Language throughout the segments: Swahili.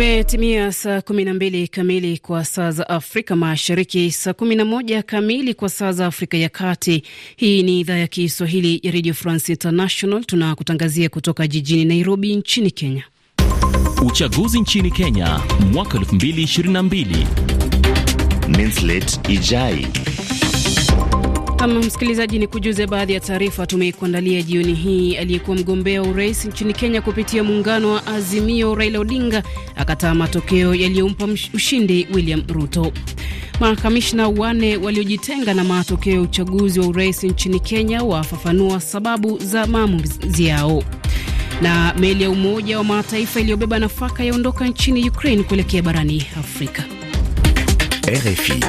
Imetimia saa 12 kamili kwa saa za Afrika Mashariki, saa 11 kamili kwa saa za Afrika ya Kati. Hii ni idhaa ya Kiswahili ya Radio France International, tunakutangazia kutoka jijini Nairobi nchini Kenya. Uchaguzi nchini Kenya mwaka 2022 Minslet Ijai ama msikilizaji, ni kujuze baadhi ya taarifa tumekuandalia jioni hii. Aliyekuwa mgombea wa urais nchini Kenya kupitia muungano wa Azimio, Raila Odinga akataa matokeo yaliyompa ushindi William Ruto. Makamishna wane waliojitenga na matokeo ya uchaguzi wa urais nchini Kenya wafafanua sababu za maamuzi yao. Na meli ya Umoja wa Mataifa iliyobeba nafaka yaondoka nchini Ukraine kuelekea barani Afrika. RFI.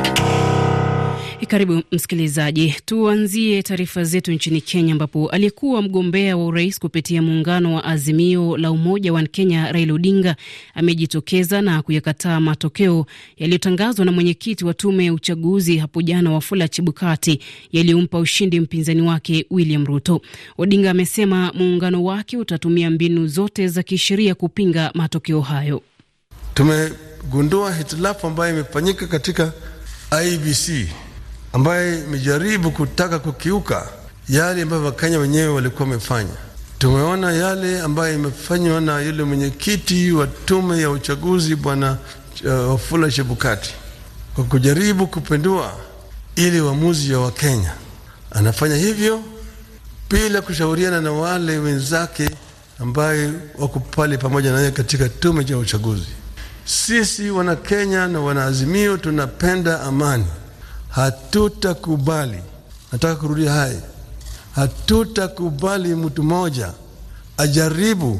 Karibu msikilizaji, tuanzie taarifa zetu nchini Kenya, ambapo aliyekuwa mgombea wa urais kupitia muungano wa Azimio la Umoja wa Kenya Raila Odinga amejitokeza na kuyakataa matokeo yaliyotangazwa na mwenyekiti wa tume ya uchaguzi hapo jana Wafula Chebukati yaliyompa ushindi mpinzani wake William Ruto. Odinga amesema muungano wake utatumia mbinu zote za kisheria kupinga matokeo hayo. Tumegundua hitilafu ambayo imefanyika katika IBC ambaye imejaribu kutaka kukiuka yale ambayo Wakenya wenyewe walikuwa wamefanya. Tumeona yale ambayo imefanywa na yule mwenyekiti wa tume ya uchaguzi Bwana uh, Wafula uh, Chebukati kwa kujaribu kupindua ili uamuzi ya Wakenya. Anafanya hivyo bila kushauriana na wale wenzake ambaye wako pale pamoja naye katika tume ya uchaguzi. Sisi Wanakenya na Wanaazimio tunapenda amani. Hatutakubali, nataka kurudia haya, hatutakubali mtu mmoja ajaribu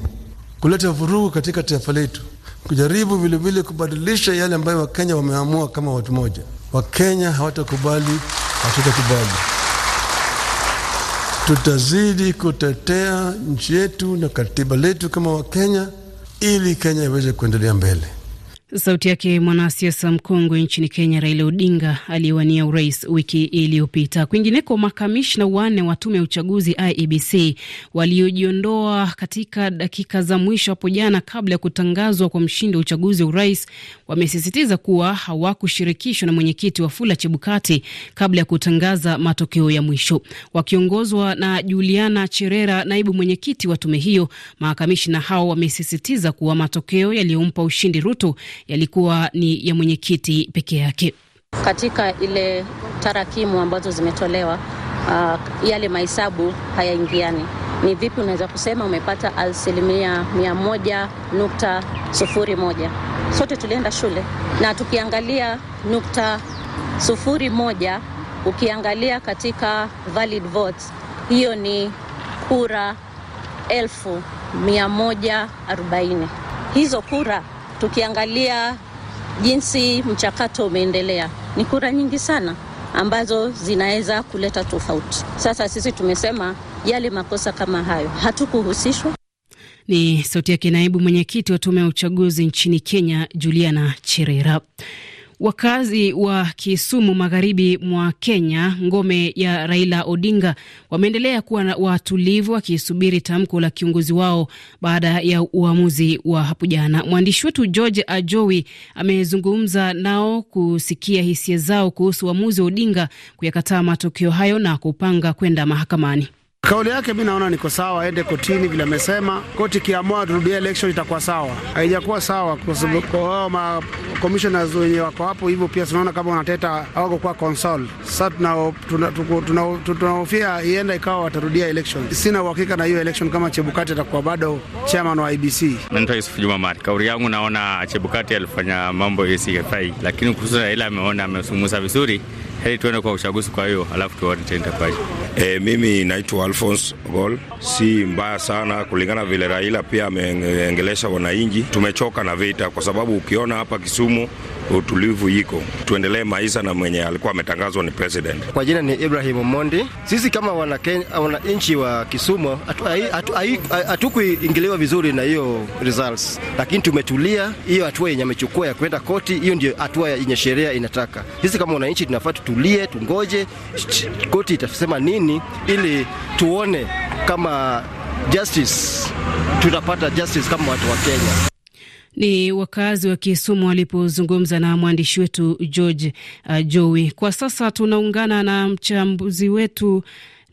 kuleta vurugu katika taifa letu, kujaribu vilevile kubadilisha yale ambayo Wakenya wameamua kama watu moja. Wakenya hawatakubali, hatutakubali. Tutazidi kutetea nchi yetu na katiba letu kama Wakenya, ili Kenya iweze kuendelea mbele. Sauti yake mwanasiasa mkongwe nchini Kenya, Raila Odinga aliyewania urais wiki iliyopita. Kwingineko, makamishna wanne wa tume ya uchaguzi IEBC waliojiondoa katika dakika za mwisho hapo jana kabla ya kutangazwa kwa mshindi wa uchaguzi wa urais wamesisitiza kuwa hawakushirikishwa na mwenyekiti wa fula Chebukati kabla ya kutangaza matokeo ya mwisho. Wakiongozwa na Juliana Cherera, naibu mwenyekiti wa tume hiyo, makamishna hao wamesisitiza kuwa matokeo yaliyompa ushindi Ruto yalikuwa ni ya mwenyekiti peke yake. Katika ile tarakimu ambazo zimetolewa, uh, yale mahesabu hayaingiani ni vipi unaweza kusema umepata asilimia mia moja nukta sufuri moja? Sote tulienda shule na tukiangalia nukta sufuri moja, ukiangalia katika valid votes, hiyo ni kura elfu mia moja arobaini. Hizo kura tukiangalia jinsi mchakato umeendelea ni kura nyingi sana ambazo zinaweza kuleta tofauti. Sasa sisi tumesema yale makosa kama hayo, hatukuhusishwa. Ni sauti yake naibu mwenyekiti wa tume ya uchaguzi nchini Kenya, Juliana Cherera. Wakazi wa Kisumu magharibi mwa Kenya, ngome ya Raila Odinga, wameendelea kuwa watulivu wakisubiri tamko la kiongozi wao baada ya uamuzi wa hapo jana. Mwandishi wetu George Ajowi amezungumza nao kusikia hisia zao kuhusu uamuzi wa Odinga kuyakataa matokeo hayo na kupanga kwenda mahakamani. Kauli yake mi naona niko sawa, aende kotini vile amesema, koti kiamua turudie election itakuwa sawa. Haijakuwa sawa kwa sababu kwa ma commissioners wenye wako hapo hivyo, pia tunaona kama wanateta hawako kwa console. Sasa tunahofia tuna, tuna, tuna ienda ikawa watarudia election. Sina uhakika na hiyo election kama Chebukati atakuwa bado chairman wa IBC. Naitwa Yusuf Juma Mari. Kauli yangu naona Chebukati alifanya mambo yasiyofai, lakini kuhusu ile ameona amesumusa vizuri. Heri tuende kwa uchaguzi, kwa hiyo alafu tuone tena kwa hiyo E, mimi naitwa Alphonse Gol. Si mbaya sana kulingana vile Raila pia ameengelesha wananchi. Tumechoka na vita, kwa sababu ukiona hapa Kisumu utulivu iko, tuendelee maisha na mwenye alikuwa ametangazwa ni president. Kwa jina ni Ibrahim Mondi. Sisi kama wananchi wa Kisumu hatukuingiliwa vizuri na hiyo results, lakini tumetulia. Hiyo hatua yenye amechukua ya kwenda koti, hiyo ndio hatua yenye sheria inataka. Sisi kama wananchi tunafaa tutulie, tungoje koti itasema nini, ili tuone kama justice tutapata justice kama watu wa Kenya. Ni wakazi wa Kisumu walipozungumza na mwandishi wetu George uh, Jowi. Kwa sasa tunaungana na mchambuzi wetu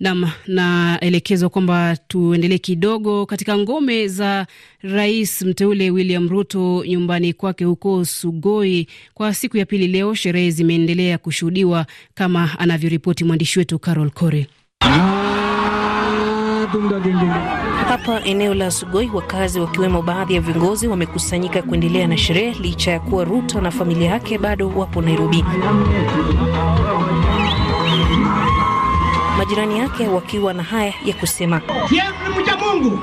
nam naelekezwa kwamba tuendelee kidogo katika ngome za rais mteule William Ruto nyumbani kwake huko Sugoi. Kwa siku ya pili leo, sherehe zimeendelea kushuhudiwa kama anavyoripoti mwandishi wetu Carol Kore. Hapa eneo la Sugoi, wakazi wakiwemo baadhi ya viongozi wamekusanyika kuendelea na sherehe licha ya kuwa Ruto na familia yake bado wapo Nairobi. Majirani yake wakiwa na haya ya kusema: mcha Mungu,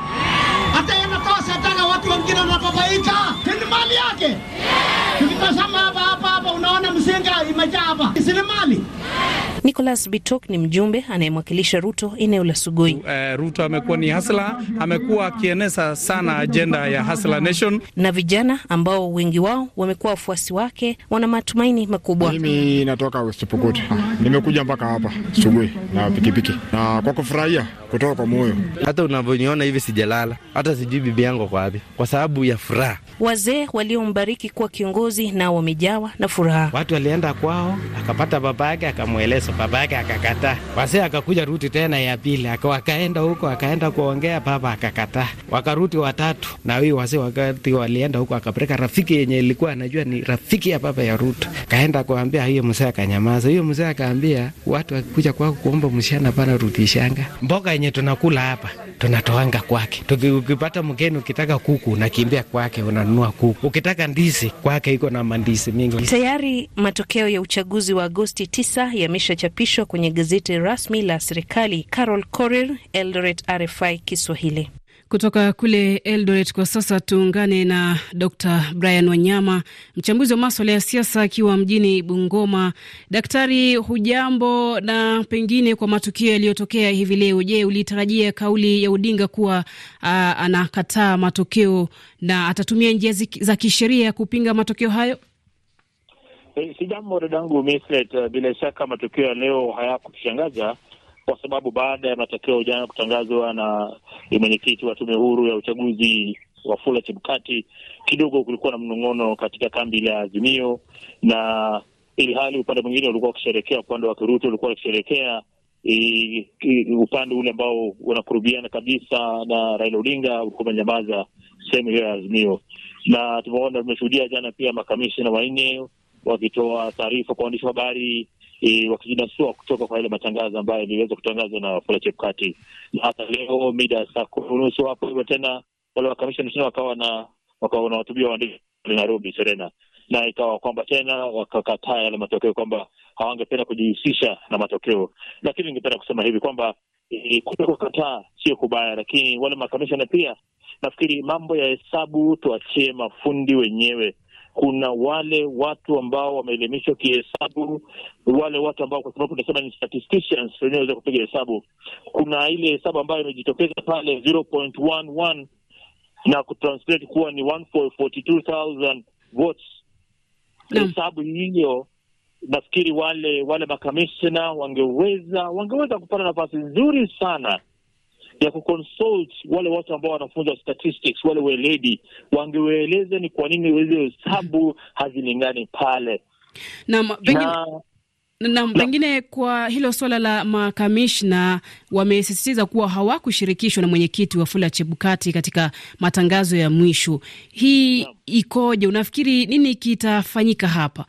hata yanatoa shetani, watu wengine wanababaika, ni mali yake. Tukitazama hapa hapa hapa, unaona msinga imejaa hapa, si mali Nicholas Bitok ni mjumbe anayemwakilisha Ruto eneo la Sugoi. Uh, Ruto amekuwa ni hasla, amekuwa akieneza sana ajenda ya Hasla Nation, na vijana ambao wengi wao wamekuwa wafuasi wake wana matumaini makubwa. Mimi natoka West Pokot, ah, nimekuja mpaka hapa Sugoi na pikipiki na kwa kufurahia kutoka kwa moyo. Hata unavyoniona hivi sijalala, hata sijui bibi yangu kwa wapi, kwa sababu ya furaha. Wazee waliombariki kuwa kiongozi nao wamejawa na furaha. Watu walienda kwao, akapata baba yake akamweleza baba yake akakataa. Wase akakuja ruti tena ya pili, akaenda huko, akaenda kuongea, baba akakataa. Wakaruti watatu, na huyu wase wakati walienda huko, akapeleka rafiki yenye ilikuwa anajua ni rafiki ya baba ya Ruto, kaenda kuambia hiyo mzee, akanyamaza. Hiyo mzee akaambia watu wakikuja kwako kuomba mshana pana rutishanga, mboga yenye tunakula hapa tunatoanga kwake. Tukipata mgeni, ukitaka kuku unakimbia kwake, unanunua kuku. Ukitaka ndizi kwake, iko na mandizi mingi. Tayari matokeo ya uchaguzi wa Agosti 9 yamesha yaliyochapishwa kwenye gazeti rasmi la serikali. Carol Korir, Eldoret, RFI Kiswahili. Kutoka kule Eldoret kwa sasa tuungane na Dr Brian Wanyama, mchambuzi wa maswala ya siasa akiwa mjini Bungoma. Daktari, hujambo? Na pengine kwa matukio yaliyotokea hivi leo, je, ulitarajia kauli ya Odinga kuwa anakataa matokeo na atatumia njia za kisheria kupinga matokeo hayo? E, si jambo dadangu Mislet, eh, bila shaka matokeo ya leo hayakutushangaza kwa sababu baada ya matokeo jana kutangazwa na mwenyekiti wa tume huru ya uchaguzi Wafula Chebukati, kidogo kulikuwa na mnong'ono katika kambi la Azimio, na ili hali upande mwingine ulikuwa wakisherekea, upande wa Kiruto ulikuwa wakisherekea upande ule ambao unakurubiana kabisa na Raila Odinga ulikuwa umenyamaza sehemu hiyo ya Azimio, na tumeona tumeshuhudia jana pia makamishina wanne wakitoa taarifa kwa waandishi wa habari e, wakijinasua kutoka kwa ile matangazo ambayo yaliweza kutangazwa na Wafula Chebukati. Na hata leo mida ya saa kumi unusu hapo hivyo tena wale wakamishna tena wakawa na wakawa wanawatubia waandishi waandishi Nairobi Serena, na ikawa kwamba tena wakakataa yale matokeo kwamba hawangependa kujihusisha na matokeo, lakini ningependa kusema hivi kwamba e, kukataa sio kubaya, lakini wale makamishna pia nafikiri mambo ya hesabu tuachie mafundi wenyewe kuna wale watu ambao wameelimishwa kihesabu, wale watu ambao kwa sababu tunasema ni statisticians wanaoweza kupiga hesabu. Kuna ile hesabu ambayo imejitokeza pale 0.11 na kutranslate kuwa ni 142,000 votes. Hesabu hiyo nafikiri wale wale makamishna wangeweza wangeweza kupata nafasi nzuri sana ya kuconsult wale watu ambao wanafunza statistics, wale weledi, wangeweeleza ni kwa nini hizo hesabu hazilingani pale na na, pengine kwa hilo swala la makamishna wamesisitiza kuwa hawakushirikishwa na mwenyekiti wa fula Chebukati katika matangazo ya mwisho. Hii ikoje? Unafikiri nini kitafanyika hapa?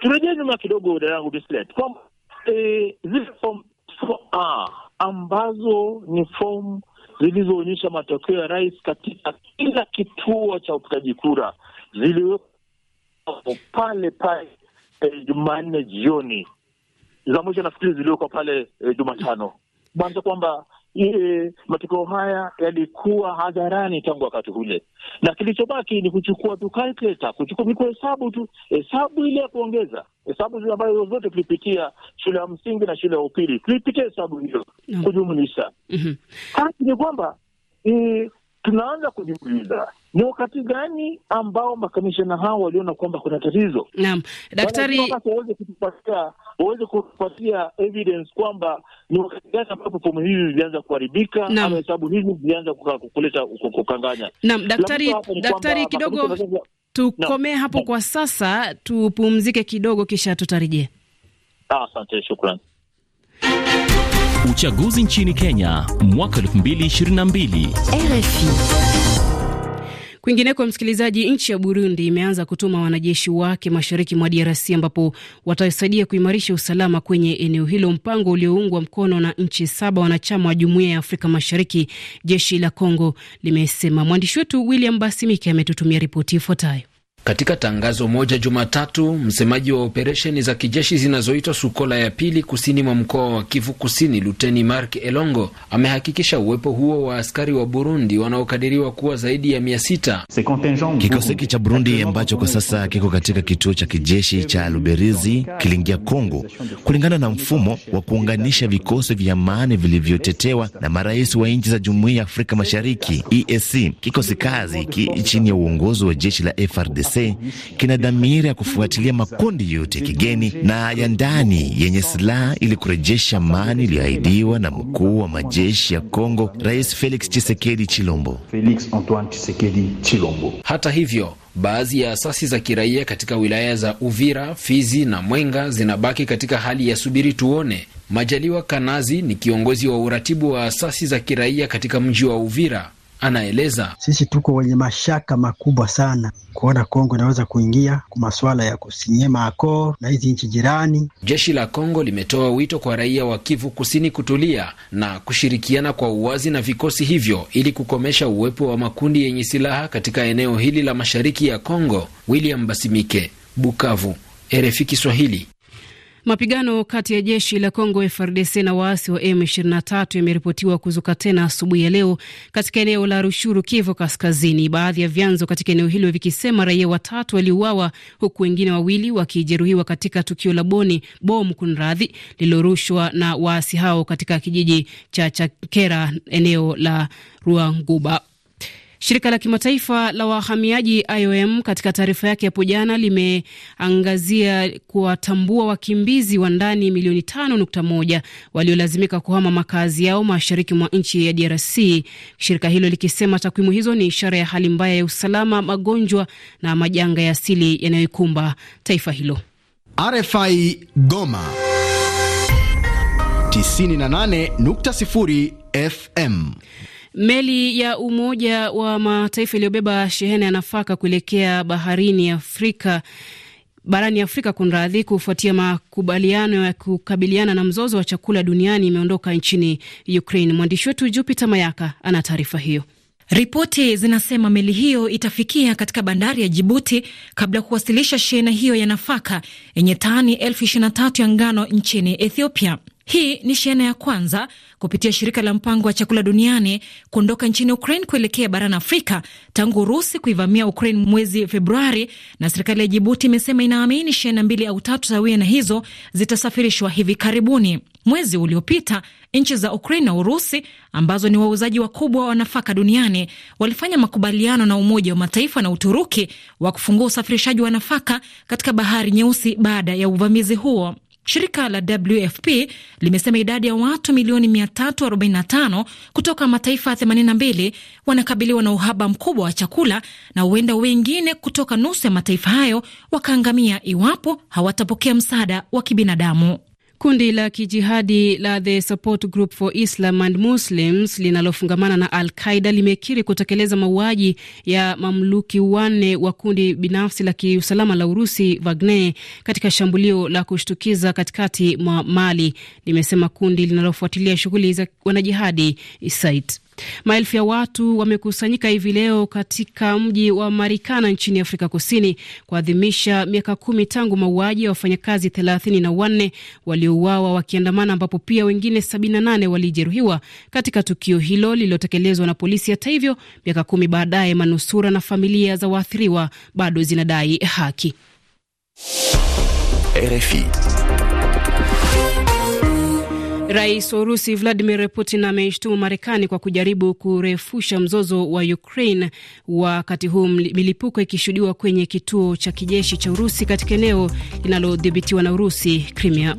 Turejee nyuma kidogo, dayangu kwamba eh, zile form a ambazo ni fomu zilizoonyesha matokeo ya rais katika kila kituo cha upigaji kura ziliwekwa pale pale eh, Jumanne jioni za mwisho nafikiri ziliwekwa pale eh, Jumatano kumaanisha kwamba e, matokeo haya yalikuwa hadharani tangu wakati ule, na kilichobaki ni kuchukua tu calculator, kuchukua ni kuhesabu tu, hesabu ile ya kuongeza, hesabu zile ambayo zote tulipitia shule ya msingi na shule ya upili, tulipitia hesabu hiyo no. kujumlisha mm -hmm. ni kwamba e, tunaanza kujiuliza ni wakati gani ambao makamishana hao waliona kwamba kuna tatizo. Naam, daktari waweze kutupatia waweze kupatia evidence kwamba ni wakati gani ambapo fomu hizi zilianza kuharibika ama hesabu hizi zilianza kuleta kukanganya. Naam, daktari, daktari kidogo tukomee hapo na, kwa sasa tupumzike kidogo, kisha tutarejea. Ah, asante, shukran. Uchaguzi nchini Kenya mwaka 2022 RFI Kwingineko, msikilizaji, nchi ya Burundi imeanza kutuma wanajeshi wake mashariki mwa DRC ambapo watasaidia kuimarisha usalama kwenye eneo hilo, mpango ulioungwa mkono na nchi saba wanachama wa jumuiya ya Afrika Mashariki, jeshi la Congo limesema. Mwandishi wetu William Basimike ametutumia ripoti ifuatayo. Katika tangazo moja Jumatatu, msemaji wa operesheni za kijeshi zinazoitwa Sukola ya pili kusini mwa mkoa wa Kivu Kusini, Luteni Mark Elongo amehakikisha uwepo huo wa askari wa Burundi wanaokadiriwa kuwa zaidi ya mia sita. Kikosi hiki cha Burundi ambacho kwa sasa kiko katika kituo cha kijeshi cha Luberizi kiliingia Kongo kulingana na mfumo wa kuunganisha vikosi vya amani vilivyotetewa na marais wa nchi za Jumuiya ya Afrika Mashariki, EAC. Kikosi kazi hiki chini ya uongozi wa jeshi la FRDC EAC kina dhamira ya kufuatilia makundi yote ya kigeni na ya ndani yenye silaha ili kurejesha amani iliyoahidiwa na mkuu wa majeshi ya Kongo, Rais Felix chisekedi Chilombo. Felix Antoine Chilombo. Hata hivyo baadhi ya asasi za kiraia katika wilaya za Uvira, Fizi na Mwenga zinabaki katika hali ya subiri tuone. Majaliwa Kanazi ni kiongozi wa uratibu wa asasi za kiraia katika mji wa Uvira anaeleza. Sisi tuko wenye mashaka makubwa sana kuona Kongo inaweza kuingia kwa masuala ya kusinyema akor na hizi nchi jirani. Jeshi la Kongo limetoa wito kwa raia wa Kivu Kusini kutulia na kushirikiana kwa uwazi na vikosi hivyo ili kukomesha uwepo wa makundi yenye silaha katika eneo hili la mashariki ya Kongo. William Basimike, Bukavu, RFI Kiswahili. Mapigano kati ya jeshi la Kongo FRDC na waasi wa M23 yameripotiwa kuzuka tena asubuhi ya leo katika eneo la Rushuru, Kivu Kaskazini, baadhi ya vyanzo katika eneo hilo vikisema raia watatu waliuawa huku wengine wawili wakijeruhiwa katika tukio la boni bomu kunradhi, lililorushwa na waasi hao katika kijiji cha Chakera, eneo la Ruanguba. Shirika la kimataifa la wahamiaji IOM katika taarifa yake hapo jana limeangazia kuwatambua wakimbizi wa ndani milioni 5.1 waliolazimika kuhama makazi yao mashariki mwa nchi ya DRC, shirika hilo likisema takwimu hizo ni ishara ya hali mbaya ya usalama, magonjwa na majanga ya asili yanayoikumba taifa hilo. RFI Goma 98.0 FM Meli ya Umoja wa Mataifa iliyobeba shehena ya nafaka kuelekea baharini Afrika barani Afrika kunradhi, kufuatia makubaliano ya kukabiliana na mzozo wa chakula duniani imeondoka nchini Ukraine. Mwandishi wetu Jupiter Mayaka ana taarifa hiyo. Ripoti zinasema meli hiyo itafikia katika bandari ya Jibuti kabla ya kuwasilisha shehena hiyo ya nafaka yenye tani elfu ya ngano nchini Ethiopia. Hii ni shiana ya kwanza kupitia shirika la mpango wa chakula duniani kuondoka nchini Ukraine kuelekea barani Afrika tangu Urusi kuivamia Ukraine mwezi Februari, na serikali ya Jibuti imesema inaamini shiana mbili au tatu sawia na hizo zitasafirishwa hivi karibuni. Mwezi uliopita nchi za Ukraine na Urusi ambazo ni wauzaji wakubwa wa nafaka duniani walifanya makubaliano na Umoja wa Mataifa na Uturuki wa kufungua usafirishaji wa nafaka katika Bahari Nyeusi baada ya uvamizi huo. Shirika la WFP limesema idadi ya watu milioni 345 kutoka mataifa 82 wanakabiliwa na uhaba mkubwa wa chakula na huenda wengine kutoka nusu ya mataifa hayo wakaangamia iwapo hawatapokea msaada wa kibinadamu. Kundi la kijihadi la The Support Group for Islam and Muslims linalofungamana na Al Qaida limekiri kutekeleza mauaji ya mamluki wanne wa kundi binafsi la kiusalama la Urusi Wagner katika shambulio la kushtukiza katikati mwa Mali, limesema kundi linalofuatilia shughuli za wanajihadi ISIT. Maelfu ya watu wamekusanyika hivi leo katika mji wa Marikana nchini Afrika Kusini kuadhimisha miaka kumi tangu mauaji ya wafanyakazi thelathini na wanne waliouawa wakiandamana, ambapo pia wengine sabini na nane walijeruhiwa katika tukio hilo lililotekelezwa na polisi. Hata hivyo, miaka kumi baadaye, manusura na familia za waathiriwa bado zinadai haki. RFI. Rais wa Urusi Vladimir Putin ameishtumu Marekani kwa kujaribu kurefusha mzozo wa Ukraine, wakati huu milipuko ikishuhudiwa kwenye kituo cha kijeshi cha Urusi katika eneo linalodhibitiwa na Urusi, Crimea.